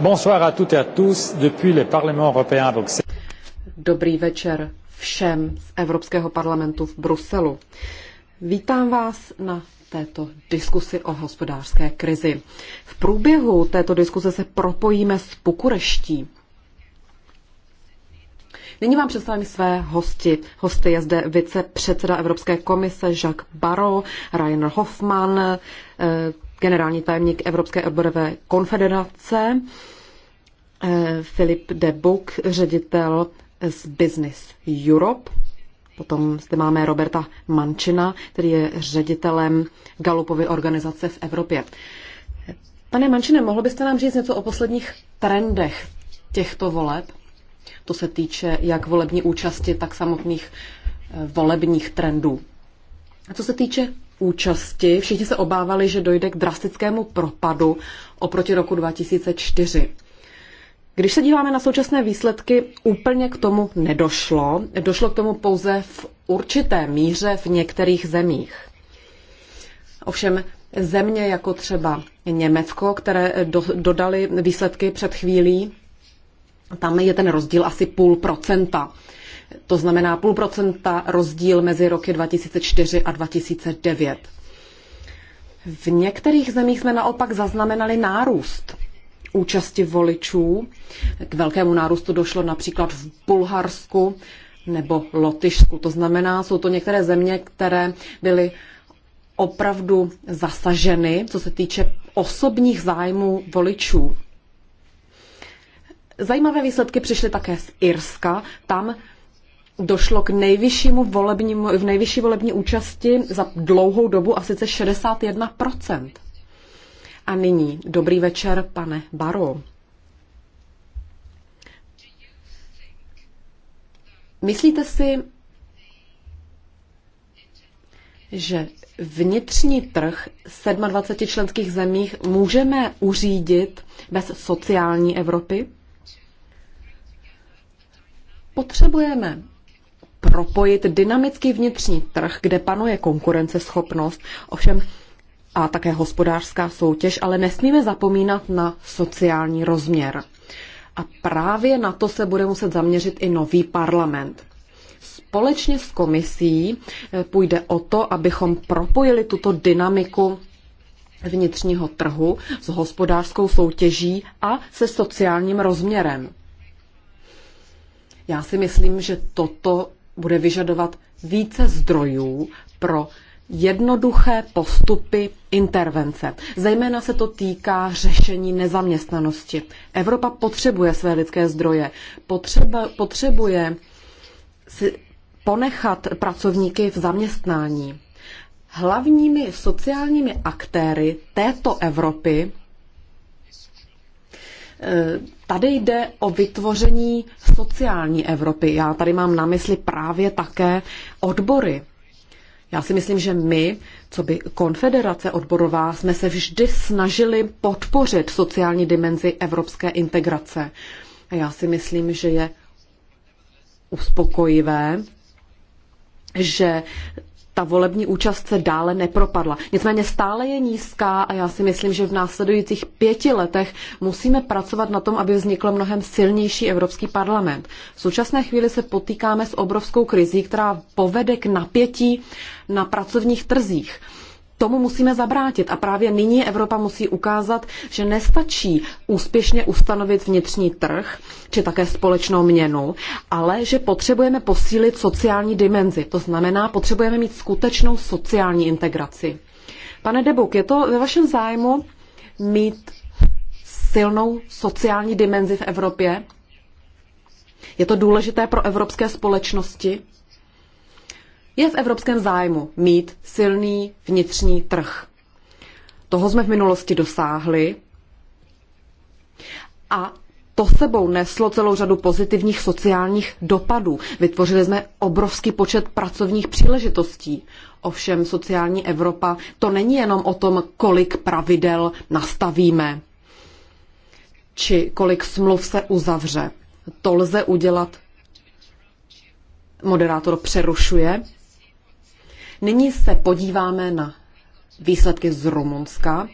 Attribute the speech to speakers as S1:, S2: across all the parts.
S1: Bonsoir à toutes et à tous depuis le Parlement européen à Bruxelles. Dobrý večer všem z Evropského parlamentu v Bruselu. Vítám vás na této diskusi o hospodářské krizi. V průběhu této diskuse se propojíme s Pukureští. Nyní vám představím své hosti. Hosty je zde vicepředseda Evropské komise Jacques Barrot, Rainer Hoffmann, eh, generální tajemník Evropské odborové konfederace, eh, Filip de Buk, ředitel z Business Europe. Potom zde máme Roberta Mančina, který je ředitelem Galupovy organizace v Evropě. Pane Mančine, mohl byste nám říct něco o posledních trendech těchto voleb? To se týče jak volební účasti, tak samotných eh, volebních trendů. A co se týče účasti. Všichni se obávali, že dojde k drastickému propadu oproti roku 2004. Když se díváme na současné výsledky, úplně k tomu nedošlo. Došlo k tomu pouze v určité míře v některých zemích. Ovšem země jako třeba Německo, které do, dodali výsledky před chvílí, tam je ten rozdíl asi půl procenta to znamená půl procenta rozdíl mezi roky 2004 a 2009. V některých zemích jsme naopak zaznamenali nárůst účasti voličů. K velkému nárůstu došlo například v Bulharsku nebo Lotyšsku. To znamená, jsou to některé země, které byly opravdu zasaženy, co se týče osobních zájmů voličů. Zajímavé výsledky přišly také z Irska. Tam došlo k nejvyššímu volebnímu, v nejvyšší volební účasti za dlouhou dobu a sice 61%. A nyní, dobrý večer, pane Baro. Myslíte si, že vnitřní trh 27 členských zemích můžeme uřídit bez sociální Evropy? Potřebujeme propojit dynamický vnitřní trh, kde panuje konkurenceschopnost, ovšem a také hospodářská soutěž, ale nesmíme zapomínat na sociální rozměr. A právě na to se bude muset zaměřit i nový parlament. Společně s komisí eh, půjde o to, abychom propojili tuto dynamiku vnitřního trhu s hospodářskou soutěží a se sociálním rozměrem. Já si myslím, že toto bude vyžadovat více zdrojů pro jednoduché postupy intervence. Zejména se to týká řešení nezaměstnanosti. Evropa potřebuje své lidské zdroje, potřeba, potřebuje si ponechat pracovníky v zaměstnání. Hlavními sociálními aktéry této Evropy Tady jde o vytvoření sociální Evropy. Já tady mám na mysli právě také odbory. Já si myslím, že my, co by konfederace odborová, jsme se vždy snažili podpořit sociální dimenzi evropské integrace. A já si myslím, že je uspokojivé, že ta volební účast se dále nepropadla. Nicméně stále je nízká a já si myslím, že v následujících pěti letech musíme pracovat na tom, aby vznikl mnohem silnější Evropský parlament. V současné chvíli se potýkáme s obrovskou krizí, která povede k napětí na pracovních trzích tomu musíme zabrátit. A právě nyní Evropa musí ukázat, že nestačí úspěšně ustanovit vnitřní trh či také společnou měnu, ale že potřebujeme posílit sociální dimenzi. To znamená, potřebujeme mít skutečnou sociální integraci. Pane Debuk, je to ve vašem zájmu mít silnou sociální dimenzi v Evropě? Je to důležité pro evropské společnosti? Je v evropském zájmu mít silný vnitřní trh. Toho jsme v minulosti dosáhli a to sebou neslo celou řadu pozitivních sociálních dopadů. Vytvořili jsme obrovský počet pracovních příležitostí. Ovšem sociální Evropa to není jenom o tom, kolik pravidel nastavíme či kolik smluv se uzavře. To lze udělat. Moderátor přerušuje Nyní se podíváme na výsledky z Rumunska.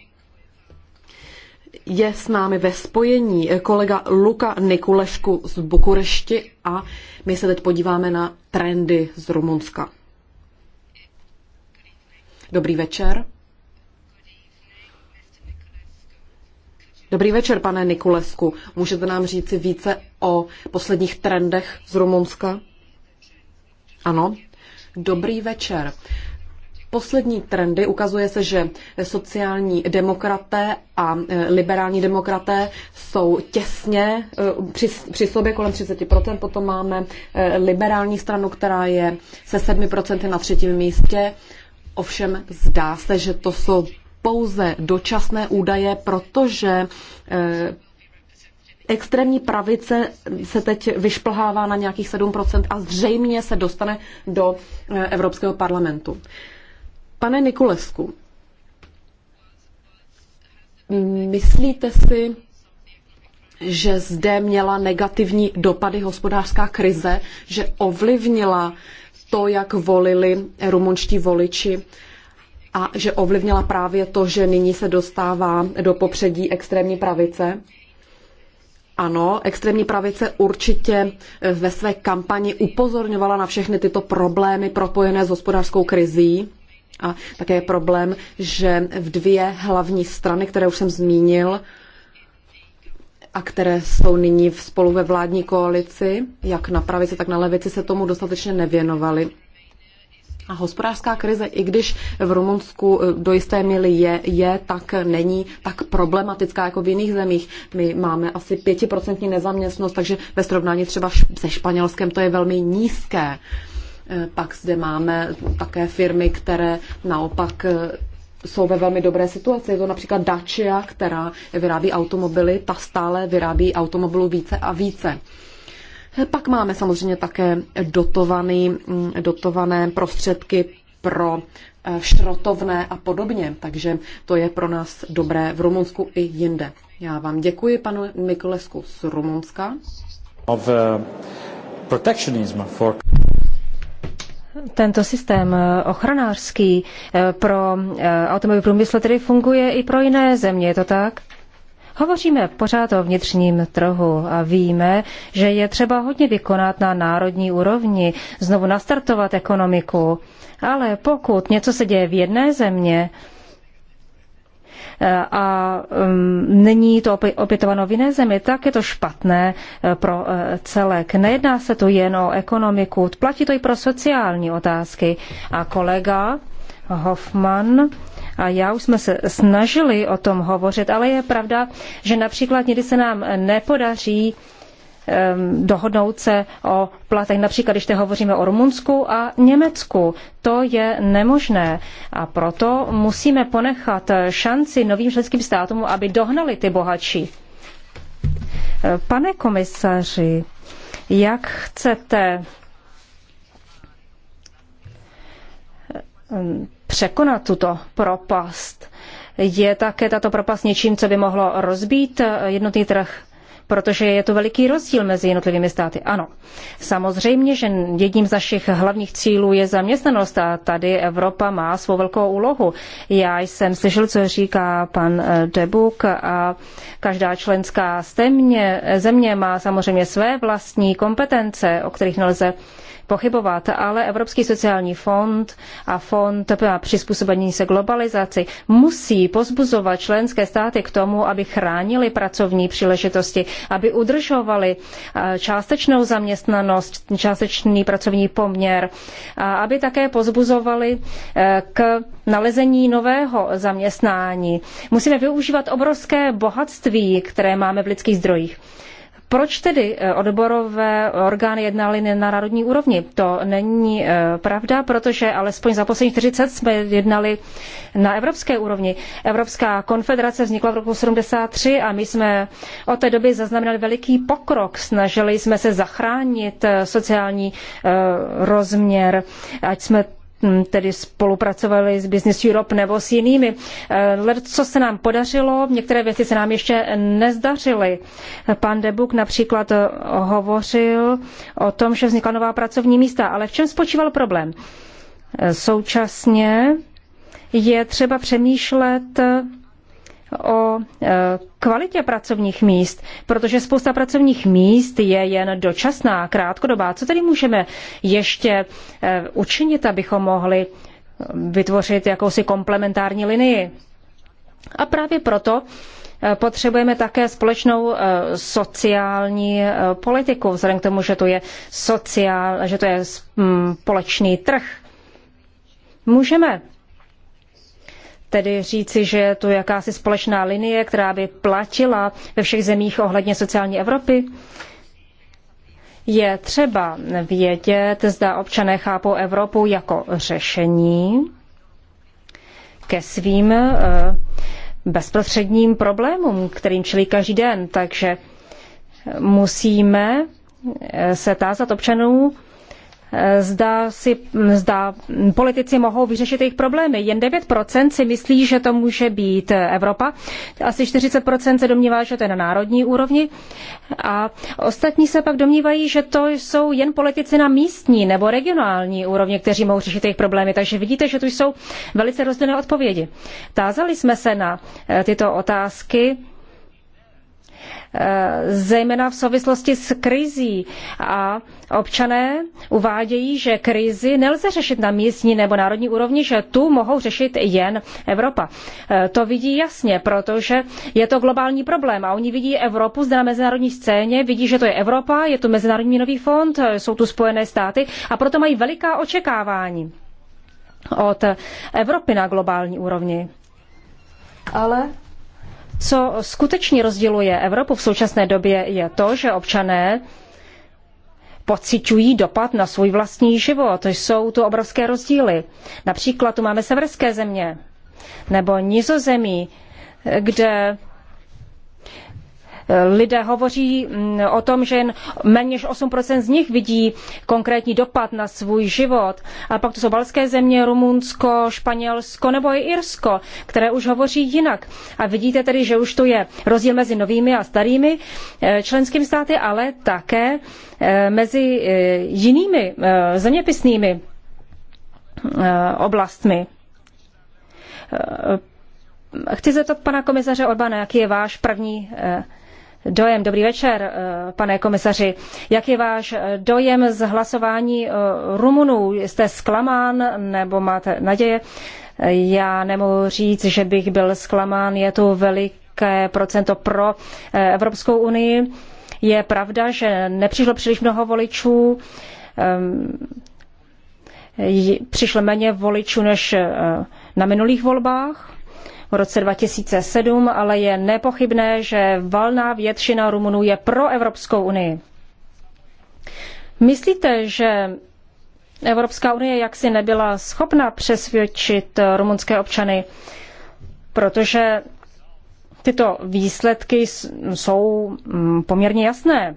S1: Je s námi ve spojení kolega Luka Nikulešku z Bukurešti a my se teď podíváme na trendy z Rumunska. Dobrý večer. Dobrý večer, pane Nikulesku. Můžete nám říci více o posledních trendech z Rumunska? Ano, Dobrý večer. Poslední trendy ukazuje se, že sociální demokraté a e, liberální demokraté jsou těsně e, při, při sobě kolem 30%. Potom máme e, liberální stranu, která je se 7% na třetím místě. Ovšem zdá se, že to jsou pouze dočasné údaje, protože extrémní pravice se teď vyšplhává na nějakých 7% a zřejmě se dostane do eh, Evropského parlamentu. Pane Nikulesku, myslíte si, že zde měla negativní dopady hospodářská krize, že ovlivnila to, jak volili rumunští voliči a že ovlivnila právě to, že nyní se dostává do popředí extrémní pravice? Ano, extrémní pravice určitě eh, ve své kampani upozorňovala na všechny tyto problémy propojené s hospodářskou krizí. A také je problém, že v dvě hlavní strany, které už jsem zmínil, a které jsou nyní spolu ve vládní koalici, jak na pravici, tak na levici, se tomu dostatečně nevěnovali. A hospodářská krize, i když v Rumunsku eh, do jisté míry je, je, tak není tak problematická jako v jiných zemích. My máme asi pětiprocentní nezaměstnost, takže ve srovnání třeba se Španělskem to je velmi nízké. Eh, pak zde máme také firmy, které naopak eh, jsou ve velmi dobré situaci. Je to například Dacia, která vyrábí automobily, ta stále vyrábí automobilů více a více. Pak máme samozřejmě také dotovaný, mm, dotované prostředky pro eh, šrotovné a podobně, takže to je pro nás dobré v Rumunsku i jinde. Já vám děkuji, panu Mikulesku z Rumunska. Of, uh, for...
S2: Tento systém eh,
S1: ochranářský
S2: pro automobilový průmysl tedy funguje i pro jiné země, je to tak? Hovoříme pořád o vnitřním trhu a víme, že je třeba hodně vykonat na národní úrovni, znovu nastartovat ekonomiku. Ale pokud něco se děje v jedné země, eh, a um, není to opětováno v jiné zemi, tak je to špatné eh, pro eh, celek. Nejedná se tu jen o ekonomiku, platí to i pro sociální otázky. A kolega Hoffman a já už jsme se snažili o tom hovořit, ale je pravda, že například někdy se nám nepodaří ehm, dohodnout se o platech. Například, když te hovoříme o Rumunsku a Německu, to je nemožné. A proto musíme ponechat šanci novým členským státům, aby dohnali ty bohatší. Pane komisaři, jak chcete ehm, překonat tuto propast. Je také tato propast něčím, co by mohlo rozbít jednotný trh? protože je to veliký rozdíl mezi jednotlivými státy. Ano, samozřejmě, že jedním z našich hlavních cílů je zaměstnanost a tady Evropa má svou velkou úlohu. Já jsem slyšel, co říká pan eh, Debuk a každá členská stemně, země má samozřejmě své vlastní kompetence, o kterých nelze pochybovat, ale Evropský sociální fond a fond na přizpůsobení se globalizaci musí pozbuzovat členské státy k tomu, aby chránili pracovní příležitosti, aby udržovali eh, částečnou zaměstnanost, částečný pracovní poměr, a aby také pozbuzovali eh, k nalezení nového zaměstnání. Musíme využívat obrovské bohatství, které máme v lidských zdrojích. Proč tedy eh, odborové orgány jednaly na národní úrovni? To není eh, pravda, protože alespoň za poslední 40 jsme jednali na evropské úrovni. Evropská konfederace vznikla v roku 73 a my jsme od té doby zaznamenali veliký pokrok. Snažili jsme se zachránit eh, sociální rozměr, ať jsme Hm, tedy spolupracovali s Business Europe nebo s jinými. Eh, co se nám podařilo, některé věci se nám ještě nezdařily. Pan Debuk například eh, hovořil o tom, že vznikla nová pracovní místa, ale v čem spočíval problém? Eh, současně je třeba přemýšlet o e, kvalitě pracovních míst, protože spousta pracovních míst je jen dočasná, krátkodobá. Co tedy můžeme ještě e, učinit, abychom mohli vytvořit jakousi komplementární linii? A právě proto e, potřebujeme také společnou sociální politiku, vzhledem k tomu, že to je, sociál, že to je společný trh. Můžeme tedy říci, že je to jakási společná linie, která by platila ve všech zemích ohledně sociální Evropy? Je třeba vědět, zda občané chápou Evropu jako řešení ke svým eh, bezprostředním problémům, kterým čelí každý den. Takže musíme eh, se tázat občanů, zda, si, zda politici mohou vyřešit jejich problémy. Jen 9% si myslí, že to může být Evropa, asi 40% se domnívá, že to je na národní úrovni a ostatní se pak domnívají, že to jsou jen politici na místní nebo regionální úrovni, kteří mohou řešit jejich problémy. Takže vidíte, že tu jsou velice rozdílné odpovědi. Tázali jsme se na eh, tyto otázky Eh, zejména v souvislosti s krizí. A občané uvádějí, že krizi nelze řešit na místní nebo národní úrovni, že tu mohou řešit jen Evropa. Eh, to vidí jasně, protože je to globální problém a oni vidí Evropu zde na mezinárodní scéně, vidí, že to je Evropa, je tu Mezinárodní nový fond, eh, jsou tu Spojené státy a proto mají veliká očekávání od Evropy na globální úrovni. Ale co skutečně rozděluje Evropu v současné době je to, že občané pociťují dopad na svůj vlastní život. Jsou tu obrovské rozdíly. Například tu máme severské země nebo nizozemí, kde lidé hovoří mm, o tom, že jen méně než 8% z nich vidí konkrétní dopad na svůj život. A pak to jsou balské země, Rumunsko, Španělsko nebo i Irsko, které už hovoří jinak. A vidíte tedy, že už to je rozdíl mezi novými a starými eh, členskými státy, ale také eh, mezi eh, jinými zeměpisnými oblastmi. Chci zeptat pana komisaře Orbána, jaký je váš první dojem. Dobrý večer, eh, pane komisaři. Jak je váš eh, dojem z hlasování eh, Rumunů? Jste zklamán nebo máte naděje? Já nemohu říct, že bych byl zklamán. Je tu veliké procento pro Evropskou unii. Je pravda, že nepřišlo příliš mnoho voličů. Ehm, přišlo méně voličů než na minulých volbách v roce 2007, ale je nepochybné, že valná většina Rumunů je pro Evropskou unii. Myslíte, že Evropská unie jaksi nebyla schopna přesvědčit rumunské občany, protože tyto výsledky jsou mm, poměrně jasné,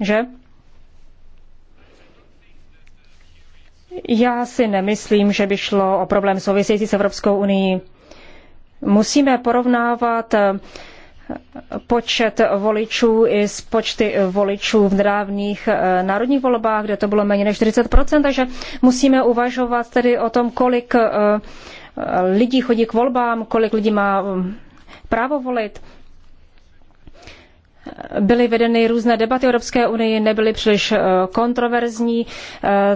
S2: že? Já si nemyslím, že by šlo o problém související s Evropskou unii. Musíme porovnávat eh, počet voličů i s počty voličů v nedávných eh, národních volbách, kde to bylo méně než 40%, takže musíme uvažovat tedy o tom, kolik eh, lidí chodí k volbám, kolik lidí má mm, právo volit. Byly vedeny různé debaty Evropské unii, nebyly příliš kontroverzní,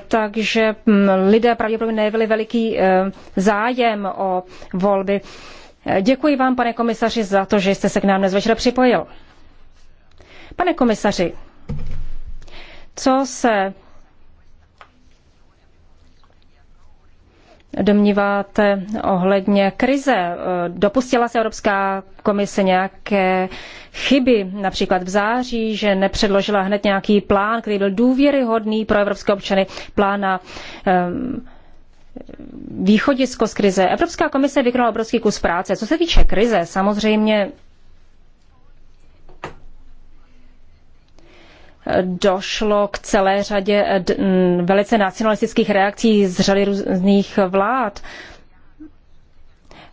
S2: takže mm, lidé pravděpodobně nebyli veliký zájem o volby. Děkuji vám, pane komisaři, za to, že jste se k nám dnes večer připojil. Pane komisaři, co se domníváte ohledně krize? Dopustila se Evropská komise nějaké chyby, například v září, že nepředložila hned nějaký plán, který byl důvěryhodný pro evropské občany, plán na um, východisko z krize. Evropská komise vykonala obrovský kus práce. Co se týče krize, samozřejmě došlo k celé řadě velice nacionalistických reakcí z řady různých vlád.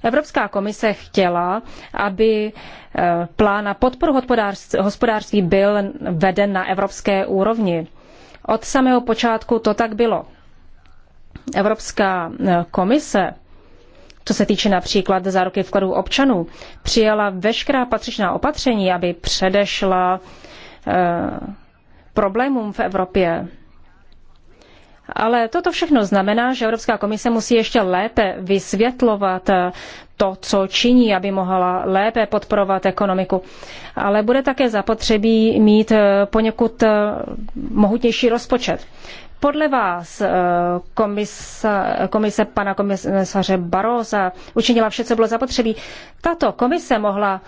S2: Evropská komise chtěla, aby eh, plán na podporu hospodářství byl veden na evropské úrovni. Od samého počátku to tak bylo. Evropská eh, komise, co se týče například záruky vkladů občanů, přijala veškerá patřičná opatření, aby předešla eh, problémům v Evropě. Ale toto všechno znamená, že Evropská komise musí ještě lépe vysvětlovat eh, to, co činí, aby mohla lépe podporovat ekonomiku. Ale bude také zapotřebí mít poněkud mohutnější rozpočet. Podle vás eh, komisa, komise pana komisaře Baroza učinila vše, co bylo zapotřebí. Tato komise mohla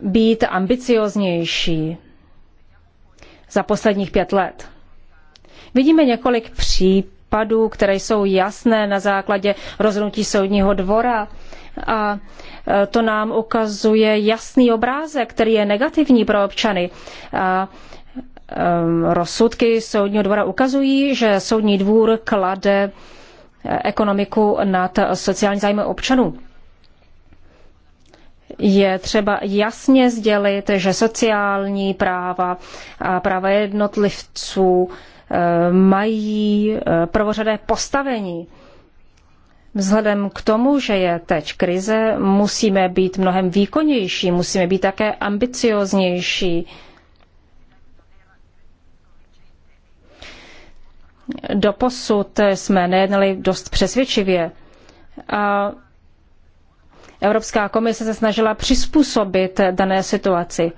S2: být ambicioznější za posledních pět let. Vidíme několik případů, které jsou jasné na základě rozhodnutí soudního dvora a eh, to nám ukazuje jasný obrázek, který je negativní pro občany. A Ehm, rozsudky soudního dvora ukazují, že soudní dvůr klade eh, ekonomiku nad sociální zájmy občanů. Je třeba jasně sdělit, že sociální práva a práva jednotlivců ehm, mají eh, prvořadé postavení. Vzhledem k tomu, že je teď krize, musíme být mnohem výkonnější, musíme být také ambicioznější. doposud jsme nejednali dost přesvědčivě. A Evropská komise se snažila přizpůsobit dané situaci.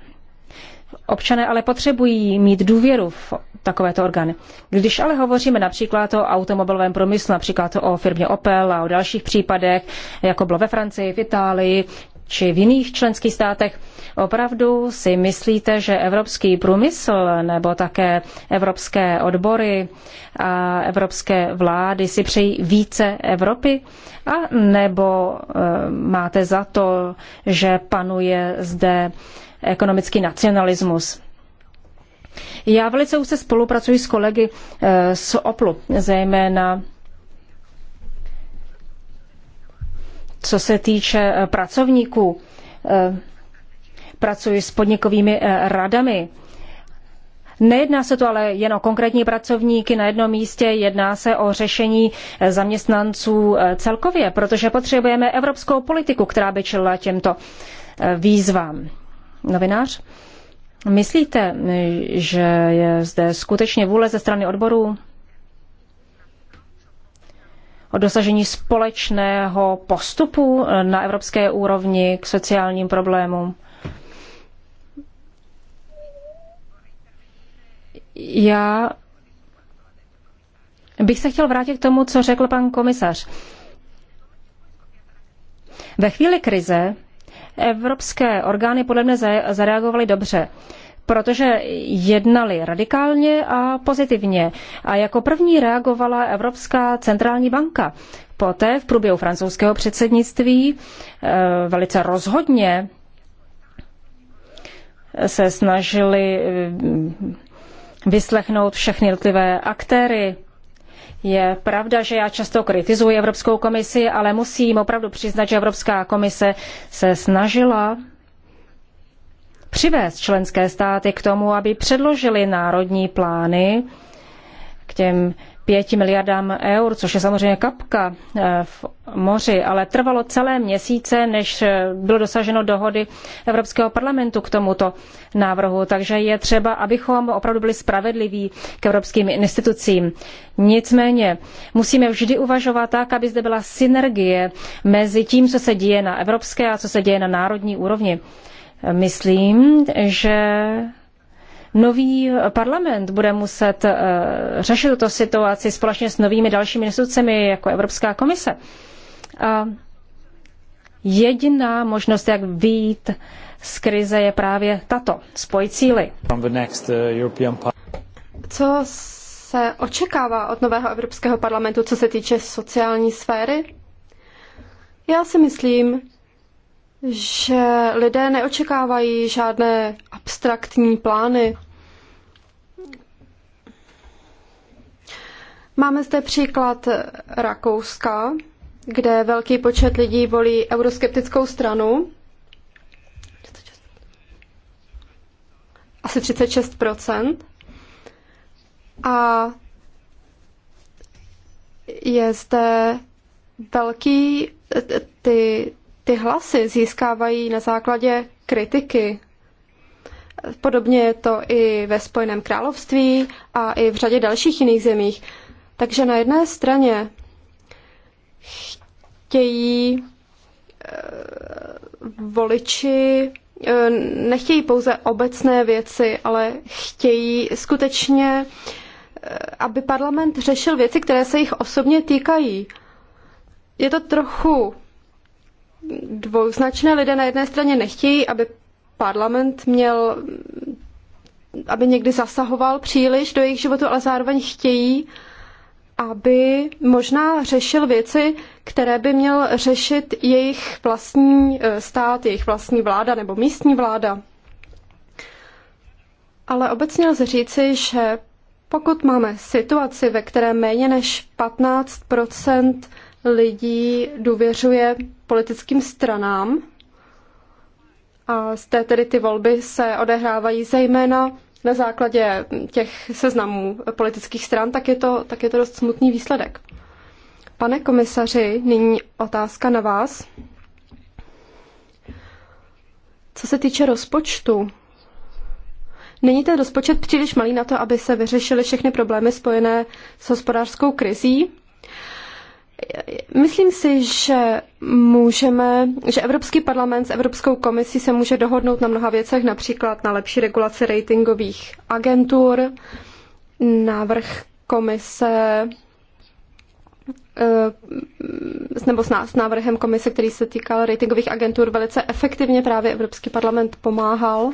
S2: Občané ale potřebují mít důvěru v takovéto orgány. Když ale hovoříme například o automobilovém průmyslu, například o firmě Opel a o dalších případech, jako bylo ve Francii, v Itálii, či v jiných členských státech. Opravdu si myslíte, že evropský průmysl nebo také evropské odbory a evropské vlády si přejí více Evropy? A nebo eh, máte za to, že panuje zde ekonomický nacionalismus? Já velice už se spolupracuji s kolegy eh, z Oplu, zejména Co se týče eh, pracovníků, eh, pracuji s podnikovými eh, radami. Nejedná se to ale jen o konkrétní pracovníky na jednom místě, jedná se o řešení zaměstnanců celkově, protože potřebujeme evropskou politiku, která by čelila těmto výzvám. Novinář, myslíte, že je zde skutečně vůle ze strany odborů? o dosažení společného postupu na evropské úrovni k sociálním problémům. Já bych se chtěl vrátit k tomu, co řekl pan komisař. Ve chvíli krize evropské orgány podle mě zareagovaly dobře protože jednali radikálně a pozitivně. A jako první reagovala Evropská centrální banka. Poté v průběhu francouzského předsednictví eh, velice rozhodně se snažili eh, vyslechnout všechny jednotlivé aktéry. Je pravda, že já často kritizuji Evropskou komisi, ale musím opravdu přiznat, že Evropská komise se snažila přivést členské státy k tomu, aby předložili národní plány k těm pěti miliardám eur, což je samozřejmě kapka eh, v moři, ale trvalo celé měsíce, než eh, bylo dosaženo dohody Evropského parlamentu k tomuto návrhu. Takže je třeba, abychom opravdu byli spravedliví k evropským institucím. Nicméně musíme vždy uvažovat tak, aby zde byla synergie mezi tím, co se děje na evropské a co se děje na národní úrovni. Myslím, že nový parlament bude muset eh, řešit tuto situaci společně s novými dalšími institucemi, jako Evropská komise. A jediná možnost, jak výjít z krize,
S3: je právě tato, spojit síly.
S1: Eh,
S3: co se očekává od nového Evropského parlamentu, co se týče sociální sféry? Já si myslím, že lidé neočekávají žádné abstraktní plány. Máme zde příklad Rakouska, kde velký počet lidí volí euroskeptickou stranu. Asi 36 A je zde velký ty ty hlasy získávají na základě kritiky. Podobně je to i ve Spojeném království a i v řadě dalších jiných zemích. Takže na jedné straně chtějí eh, voliči eh, nechtějí pouze obecné věci, ale chtějí skutečně, eh, aby parlament řešil věci, které se jich osobně týkají. Je to trochu dvouznačné. Lidé na jedné straně nechtějí, aby parlament měl, aby někdy zasahoval příliš do jejich životu, ale zároveň chtějí, aby možná řešil věci, které by měl řešit jejich vlastní eh, stát, jejich vlastní vláda nebo místní vláda. Ale obecně lze říci, že pokud máme situaci, ve které méně než 15 lidí důvěřuje politickým stranám. A z té tedy ty volby se odehrávají zejména na základě těch seznamů politických stran, tak je to, tak je to dost smutný výsledek. Pane komisaři, nyní otázka na vás. Co se týče rozpočtu, není ten rozpočet příliš malý na to, aby se vyřešily všechny problémy spojené s hospodářskou krizí? Myslím si, že můžeme, že Evropský parlament s Evropskou komisí se může dohodnout na mnoha věcech, například na lepší regulaci ratingových agentur, návrh komise eh, nebo s, návrhem komise, který se týkal ratingových agentur, velice efektivně právě Evropský parlament pomáhal.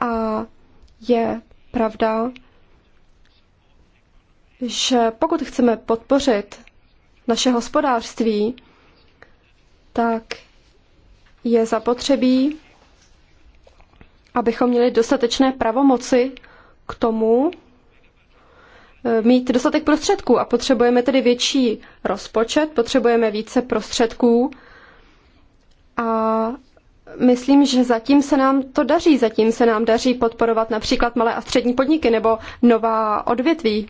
S3: A je pravda, že pokud chceme podpořit naše hospodářství, tak je zapotřebí, abychom měli dostatečné pravomoci k tomu, eh, mít dostatek prostředků a potřebujeme tedy větší rozpočet, potřebujeme více prostředků a myslím, že zatím se nám to daří. Zatím se nám daří podporovat například malé a střední podniky nebo nová odvětví.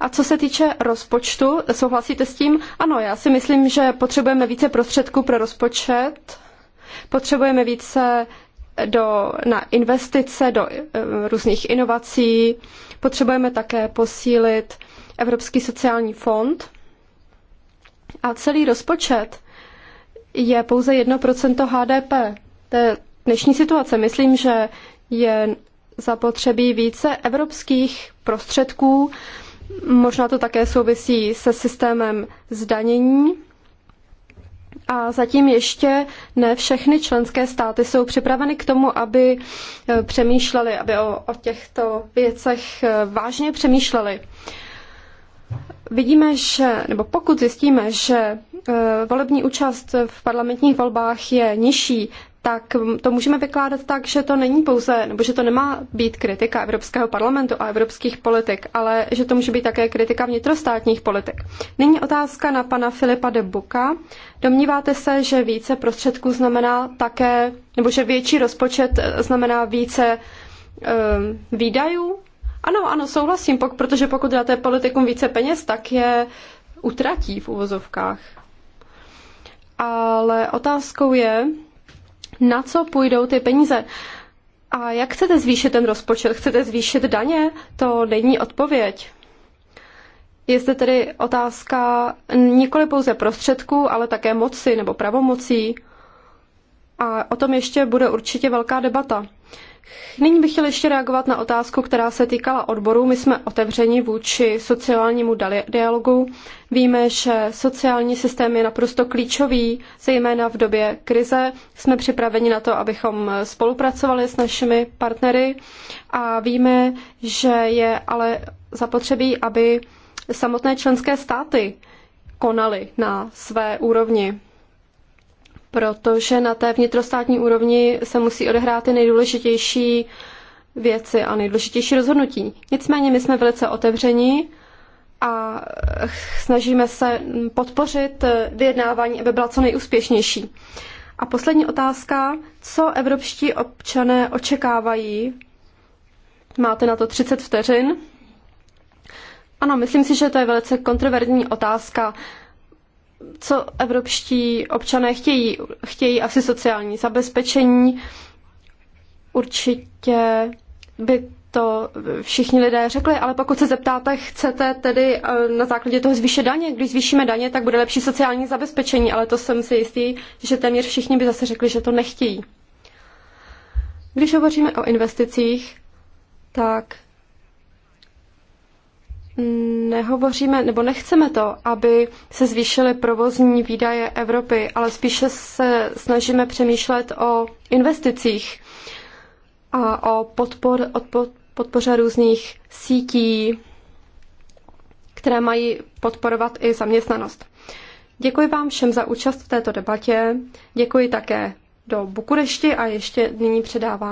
S3: A co se týče rozpočtu, souhlasíte s tím? Ano, já si myslím, že potřebujeme více prostředků pro rozpočet, potřebujeme více do, na investice, do eh, různých inovací, potřebujeme také posílit Evropský sociální fond. A celý rozpočet je pouze 1% HDP. To je dnešní situace. Myslím, že je zapotřebí více evropských prostředků, Možná to také souvisí se systémem zdanění. A zatím ještě ne všechny členské státy jsou připraveny k tomu, aby e, přemýšleli, aby o, o těchto věcech e, vážně přemýšleli. Vidíme, že, nebo pokud zjistíme, že e, volební účast v parlamentních volbách je nižší tak to můžeme vykládat tak, že to není pouze, nebo že to nemá být kritika Evropského parlamentu a evropských politik, ale že to může být také kritika vnitrostátních politik. Nyní otázka na pana Filipa de Buka. Domníváte se, že více prostředků znamená také, nebo že větší rozpočet eh, znamená více e, výdajů? Ano, ano, souhlasím, pok, protože pokud dáte politikům více peněz, tak je utratí v uvozovkách. Ale otázkou je, na co půjdou ty peníze. A jak chcete zvýšit ten rozpočet? Chcete zvýšit daně? To není odpověď. Je zde tedy otázka nikoli pouze prostředků, ale také moci nebo pravomocí. A o tom ještě bude určitě velká debata. Nyní bych chtěl ještě reagovat na otázku, která se týkala odborů. My jsme otevřeni vůči sociálnímu dialogu. Víme, že sociální systém je naprosto klíčový, zejména v době krize. Jsme připraveni na to, abychom spolupracovali s našimi partnery a víme, že je ale zapotřebí, aby samotné členské státy konaly na své úrovni protože na té vnitrostátní úrovni se musí odehrát ty nejdůležitější věci a nejdůležitější rozhodnutí. Nicméně my jsme velice otevření a snažíme se podpořit vyjednávání, aby byla co nejúspěšnější. A poslední otázka, co evropští občané očekávají? Máte na to 30 vteřin. Ano, myslím si, že to je velice kontroverzní otázka co evropští občané chtějí. Chtějí asi sociální zabezpečení. Určitě by to všichni lidé řekli, ale pokud se zeptáte, chcete tedy eh, na základě toho zvýšit daně, když zvýšíme daně, tak bude lepší sociální zabezpečení, ale to jsem si jistý, že téměř všichni by zase řekli, že to nechtějí. Když hovoříme o investicích, tak nehovoříme, nebo nechceme to, aby se zvýšily provozní výdaje Evropy, ale spíše se snažíme přemýšlet o investicích a o podpor, od podpoře různých sítí, které mají podporovat i zaměstnanost. Děkuji vám všem za účast v této debatě. Děkuji také do Bukurešti a ještě nyní předávám